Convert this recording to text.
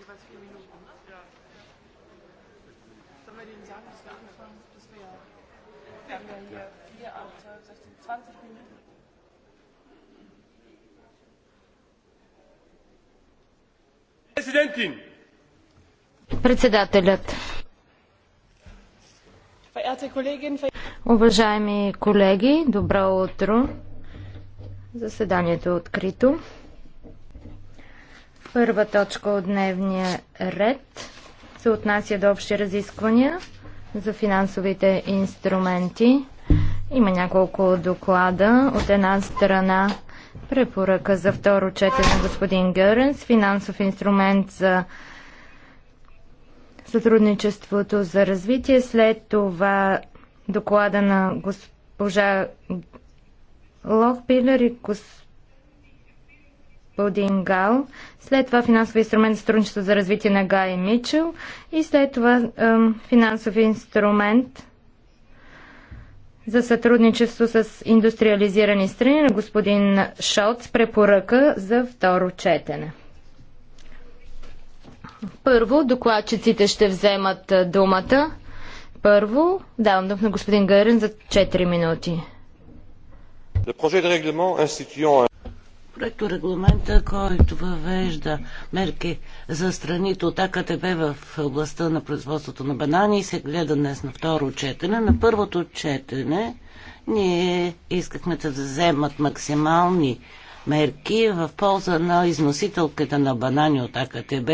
jeweils vier Minuten. Sollen wir denen sagen, dass wir angefangen, dass wir ja, wir haben ja hier vier, acht, zwölf, sechzehn, zwanzig Minuten. Präsidentin! Председателят. Уважаеми колеги, добро утро. Заседанието е открито. Първа точка от дневния ред се отнася до общи разисквания за финансовите инструменти. Има няколко доклада. От една страна препоръка за второ четене господин Гъренс, финансов инструмент за сътрудничеството за развитие. След това доклада на госпожа Лохпилер и госпожа господин Гал, след това финансови инструмент за сътрудничество за развитие на Гай Мичел и след това ем, финансов инструмент за сътрудничество с индустриализирани страни на господин Шолц препоръка за второ четене. Първо, докладчиците ще вземат думата. Първо, давам дума на господин Гърен за 4 минути. Le projet de règlement instituant Проекто регламента, който въвежда мерки за страните от АКТБ в областта на производството на банани, се гледа днес на второ четене. На първото четене ние искахме да вземат максимални мерки в полза на износителката на банани от АКТБ,